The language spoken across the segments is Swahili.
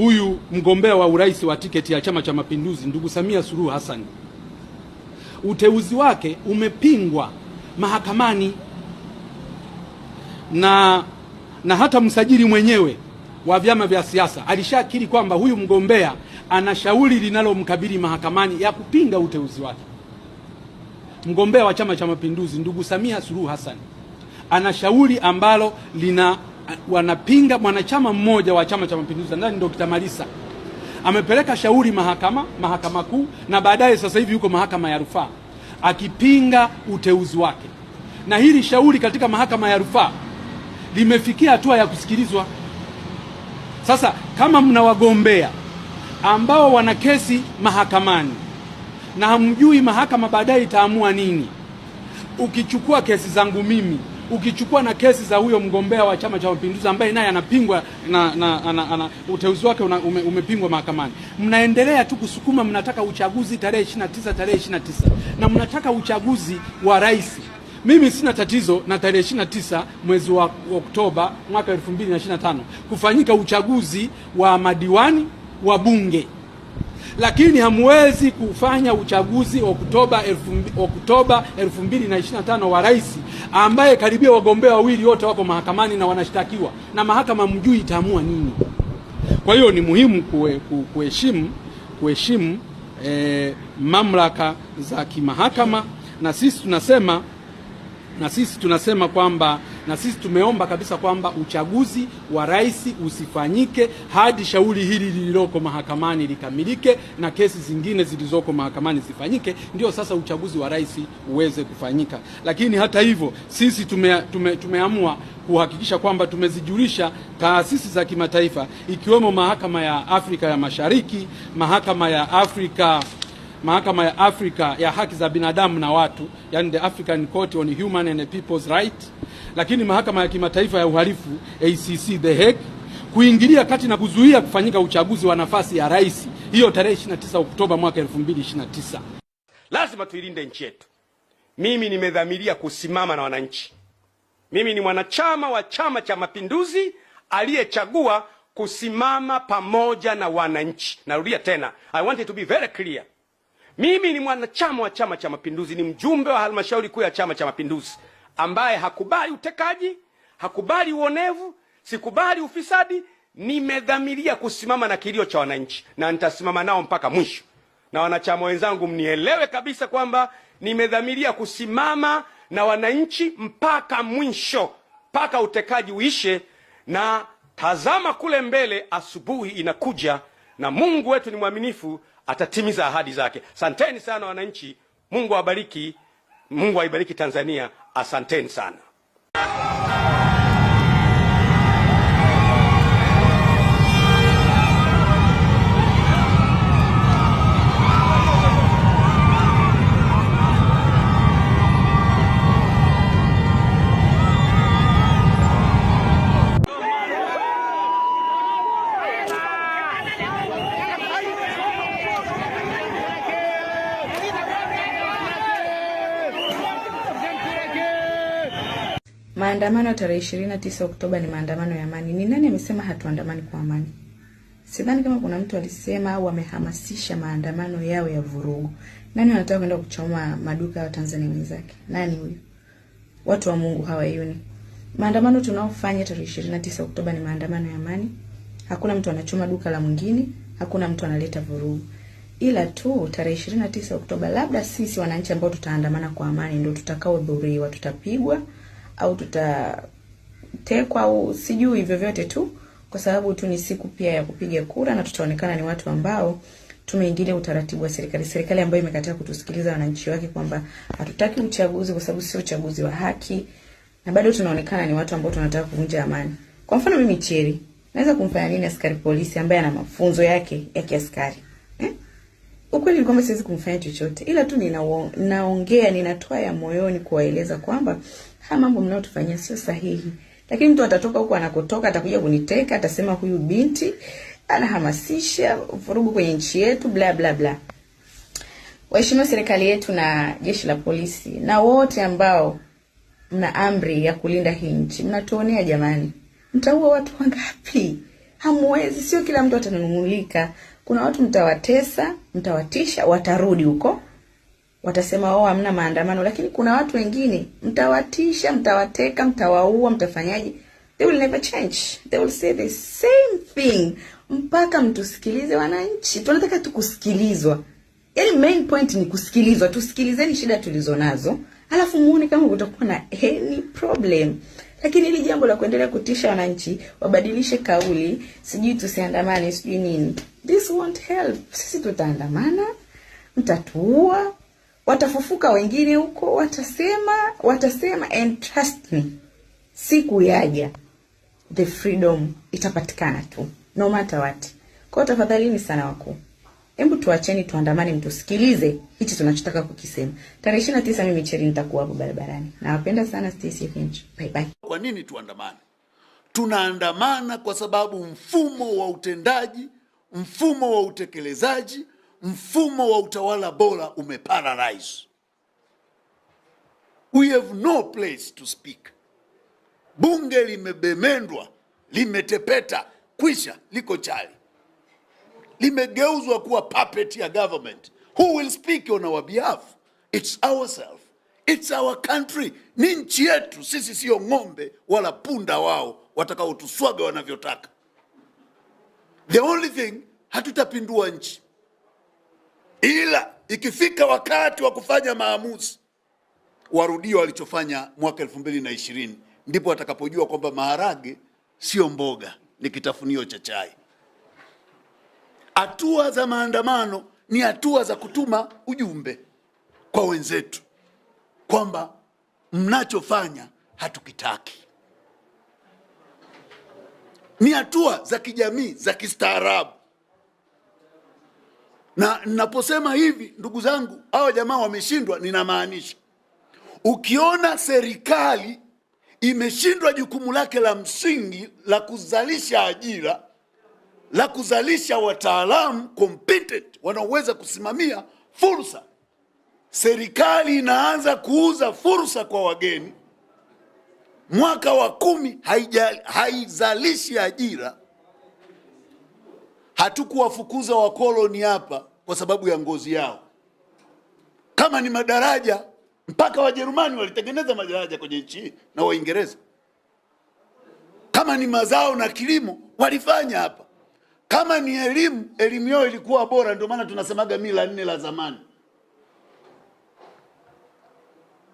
huyu mgombea wa urais wa tiketi ya Chama cha Mapinduzi ndugu Samia Suluhu Hassan, uteuzi wake umepingwa mahakamani na, na hata msajili mwenyewe wa vyama vya siasa alishakiri kwamba huyu mgombea ana shauri linalomkabili mahakamani ya kupinga uteuzi wake. Mgombea wa Chama cha Mapinduzi ndugu Samia Suluhu Hassan ana shauri ambalo lina wanapinga mwanachama mmoja wa Chama cha Mapinduzi ndani, Dr. Malisa amepeleka shauri mahakama mahakama kuu na baadaye sasa hivi yuko mahakama ya rufaa akipinga uteuzi wake, na hili shauri katika mahakama ya rufaa limefikia hatua ya kusikilizwa. Sasa kama mna wagombea ambao wana kesi mahakamani na hamjui mahakama baadaye itaamua nini, ukichukua kesi zangu mimi ukichukua na kesi za huyo mgombea wa Chama cha Mapinduzi ambaye naye anapingwa na, na, na, na uteuzi wake una, ume, umepingwa mahakamani, mnaendelea tu kusukuma, mnataka uchaguzi tarehe 29 tarehe 29 na mnataka uchaguzi wa rais. Mimi sina tatizo na tarehe 29 mwezi wa Oktoba mwaka 2025 kufanyika uchaguzi wa madiwani wa bunge lakini hamwezi kufanya uchaguzi Oktoba Oktoba 2025 wa rais ambaye karibia wagombea wawili wote wako mahakamani na wanashtakiwa na mahakama, mjui itaamua nini. Kwa hiyo ni muhimu kuheshimu kuheshimu eh, mamlaka za kimahakama, na sisi tunasema na sisi tunasema kwamba na sisi tumeomba kabisa kwamba uchaguzi wa rais usifanyike hadi shauri hili lililoko mahakamani likamilike na kesi zingine zilizoko mahakamani zifanyike, ndio sasa uchaguzi wa rais uweze kufanyika. Lakini hata hivyo sisi tume, tume, tumeamua kuhakikisha kwamba tumezijulisha taasisi za kimataifa ikiwemo mahakama ya Afrika ya Mashariki, mahakama ya Afrika mahakama ya Afrika ya haki za binadamu na watu, yani the African Court on Human and People's Right, lakini mahakama ya kimataifa ya uhalifu ACC The Hague kuingilia kati na kuzuia kufanyika uchaguzi wa nafasi ya rais hiyo tarehe 29 Oktoba mwaka 2029. Lazima tuilinde nchi yetu. Mimi nimedhamiria kusimama na wananchi. Mimi ni mwanachama wa Chama cha Mapinduzi aliyechagua kusimama pamoja na wananchi. Narudia tena, I want it to be very clear. Mimi ni mwanachama wa Chama cha Mapinduzi, ni mjumbe wa halmashauri kuu ya Chama cha Mapinduzi ambaye hakubali utekaji, hakubali uonevu, sikubali ufisadi. Nimedhamiria kusimama na kilio cha wananchi na nitasimama nao mpaka mwisho, na wanachama wenzangu mnielewe kabisa kwamba nimedhamiria kusimama na wananchi mpaka mwisho, mpaka utekaji uishe. Na tazama kule mbele, asubuhi inakuja, na Mungu wetu ni mwaminifu atatimiza ahadi zake. Asanteni sana wananchi, Mungu awabariki, Mungu aibariki Tanzania. Asanteni sana. Maandamano ya tarehe 29 Oktoba ni maandamano ya amani. Ni nani amesema hatuandamani kwa amani? Sidhani kama kuna mtu alisema au amehamasisha maandamano yao ya vurugu. Nani anataka kwenda kuchoma maduka ya Tanzania wenzake? Nani huyo? Watu wa Mungu hawayuni. Maandamano tunaofanya tarehe 29 Oktoba ni maandamano ya amani. Hakuna mtu anachoma duka la mwingine, hakuna mtu analeta vurugu. Ila tu tarehe 29 Oktoba labda sisi wananchi ambao tutaandamana kwa amani ndio tutakaodhuriwa, tutapigwa au tutatekwa au sijui vyovyote tu, kwa sababu tu ni siku pia ya kupiga kura na tutaonekana ni watu ambao tumeingilia utaratibu wa serikali, serikali ambayo imekataa kutusikiliza wananchi wake kwamba hatutaki uchaguzi kwa sababu sio uchaguzi wa haki, na bado tunaonekana ni watu ambao tunataka kuvunja amani. Kwa mfano mimi cheri naweza kumfanya nini askari polisi ambaye ana mafunzo yake ya kiaskari eh? Ukweli ni kwamba siwezi kumfanya chochote, ila tu ninaongea, ninatoa ya moyoni kuwaeleza kwamba haya mambo mnayotufanyia sio sahihi. Lakini mtu atatoka huko anakotoka, atakuja kuniteka, atasema huyu binti anahamasisha vurugu kwenye nchi yetu, bla bla bla. Waheshimiwa, serikali yetu na jeshi la polisi na wote ambao mna amri ya kulinda hii nchi, mnatuonea jamani. Mtaua watu wangapi? Hamwezi, sio kila mtu atanunulika. Kuna watu mtawatesa, mtawatisha, watarudi huko watasema oh, hamna maandamano, lakini kuna watu wengine mtawatisha, mtawateka, mtawaua, mtafanyaje? They will never change, they will say the same thing mpaka mtusikilize. Wananchi tunataka tukusikilizwa, yani main point ni kusikilizwa. Tusikilizeni shida tulizo nazo, alafu muone kama kutakuwa na any problem lakini hili jambo la kuendelea kutisha wananchi wabadilishe kauli, sijui tusiandamane, sijui nini, this won't help. Sisi tutaandamana, mtatuua watafufuka wengine huko, watasema watasema, and trust me, siku yaja the freedom itapatikana tu no matter what. Kwa hiyo tafadhalini sana wakuu, hebu tuacheni tuandamane, mtusikilize hichi tunachotaka kukisema. Tarehe 29 mimi Cheri nitakuwa hapo barabarani. Nawapenda sana, stay safe bye bye. Kwa nini tuandamane? Tunaandamana kwa sababu mfumo wa utendaji, mfumo wa utekelezaji mfumo wa utawala bora umeparalyze. We have no place to speak. Bunge limebemendwa, limetepeta, kwisha, liko chali, limegeuzwa kuwa puppet ya government. Who will speak on our behalf? It's ourselves. It's our country. Ni nchi yetu sisi, siyo ng'ombe wala punda wao watakaotuswaga wanavyotaka. The only thing hatutapindua nchi ila ikifika wakati wa kufanya maamuzi warudie walichofanya mwaka elfu mbili na ishirini ndipo watakapojua kwamba maharage sio mboga, ni kitafunio cha chai. Hatua za maandamano ni hatua za kutuma ujumbe kwa wenzetu kwamba mnachofanya hatukitaki. Ni hatua za kijamii za kistaarabu. Na ninaposema hivi, ndugu zangu, hawa jamaa wameshindwa, ninamaanisha ukiona serikali imeshindwa jukumu lake la msingi la kuzalisha ajira, la kuzalisha wataalamu competent wanaoweza kusimamia fursa, serikali inaanza kuuza fursa kwa wageni, mwaka wa kumi haizalishi ajira hatukuwafukuza wakoloni hapa kwa sababu ya ngozi yao. Kama ni madaraja, mpaka Wajerumani walitengeneza madaraja kwenye nchi hii na Waingereza. Kama ni mazao na kilimo, walifanya hapa. Kama ni elimu, elimu yao ilikuwa bora, ndio maana tunasemaga mila nne la zamani.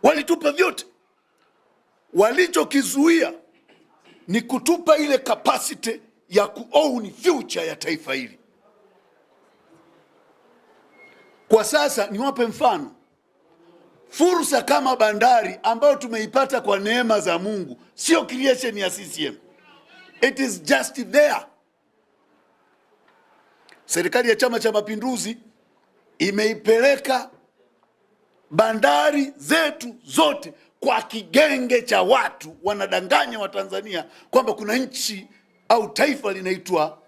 Walitupa vyote, walichokizuia ni kutupa ile capacity ya kuown future ya taifa hili. Kwa sasa niwape mfano, fursa kama bandari ambayo tumeipata kwa neema za Mungu sio creation ya CCM. It is just there. Serikali ya Chama cha Mapinduzi imeipeleka bandari zetu zote kwa kigenge cha watu wanadanganya Watanzania kwamba kuna nchi au taifa linaitwa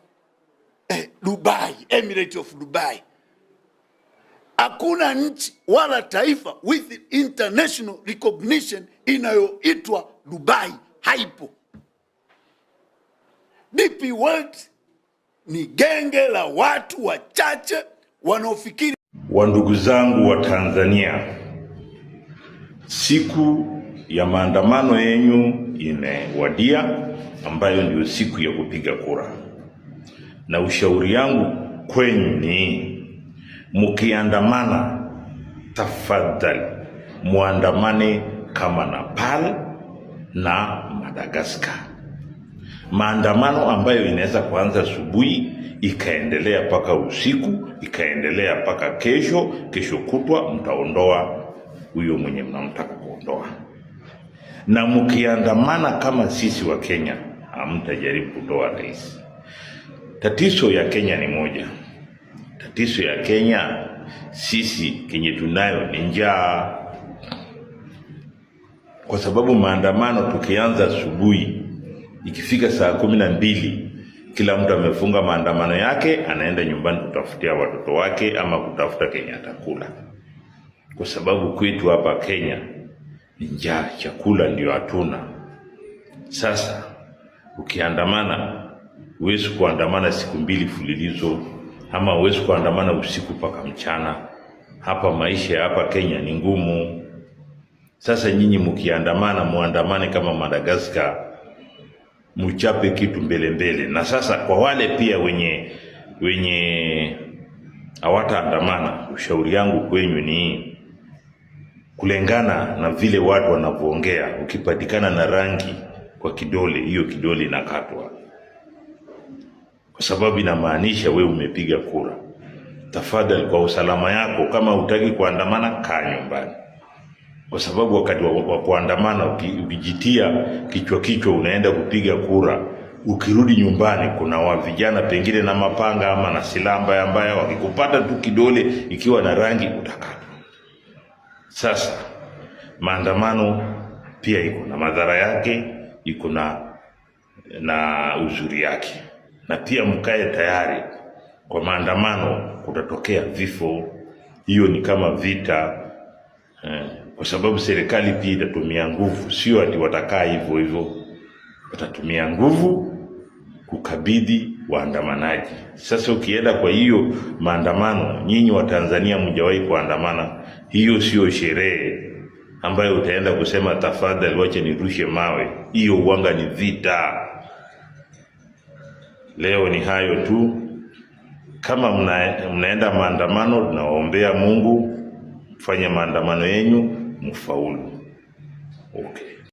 eh, Dubai, Emirate of Dubai. Hakuna nchi wala taifa with international recognition inayoitwa Dubai, haipo. DP World ni genge la watu wachache wanaofikiri. Wandugu zangu wa Tanzania, siku ya maandamano yenyu imewadia ambayo ndio siku ya kupiga kura, na ushauri yangu kwenu ni mukiandamana, tafadhali muandamane kama Nepal na Madagaskar, maandamano ambayo inaweza kuanza asubuhi ikaendelea mpaka usiku ikaendelea mpaka kesho, kesho kutwa mtaondoa huyo mwenye mnamtaka kuondoa. Na mkiandamana kama sisi wa Kenya hamtajaribu kutoa rais. Tatizo ya Kenya ni moja. Tatizo ya Kenya sisi kenye tunayo ni njaa, kwa sababu maandamano tukianza asubuhi, ikifika saa kumi na mbili kila mtu amefunga maandamano yake, anaenda nyumbani kutafutia watoto wake ama kutafuta Kenya atakula, kwa sababu kwetu hapa Kenya ni njaa, chakula ndio hatuna sasa Ukiandamana huwezi kuandamana siku mbili fulilizo, ama huwezi kuandamana usiku mpaka mchana. Hapa maisha ya hapa Kenya ni ngumu. Sasa nyinyi mkiandamana, muandamane kama Madagaskar, muchape kitu mbele mbele. Na sasa kwa wale pia wenye wenye hawataandamana, ushauri yangu kwenyu ni kulingana na vile watu wanavyoongea. Ukipatikana na rangi kwa kidole, hiyo kidole inakatwa, kwa sababu inamaanisha we umepiga kura. Tafadhali, kwa usalama yako, kama hutaki kuandamana, kaa nyumbani, kwa sababu wakati wa kuandamana ukijitia kichwa kichwa unaenda kupiga kura, ukirudi nyumbani, kuna wa vijana pengine na mapanga ama na silaha mbaya mbaya, wakikupata tu kidole ikiwa na rangi utakatwa. Sasa maandamano pia iko na madhara yake iko na na uzuri yake, na pia mkae tayari kwa maandamano, kutatokea vifo. Hiyo ni kama vita eh, kwa sababu serikali pia itatumia nguvu, sio ati watakaa hivyo hivyo, watatumia nguvu kukabidhi waandamanaji. Sasa ukienda kwa hiyo maandamano, nyinyi Watanzania mjawahi kuandamana, hiyo sio sherehe ambayo utaenda kusema tafadhali, wache nirushe mawe. Hiyo uwanga ni vita. Leo ni hayo tu. Kama mna, mnaenda maandamano, tunawaombea Mungu, mfanye maandamano yenyu mfaulu. Okay.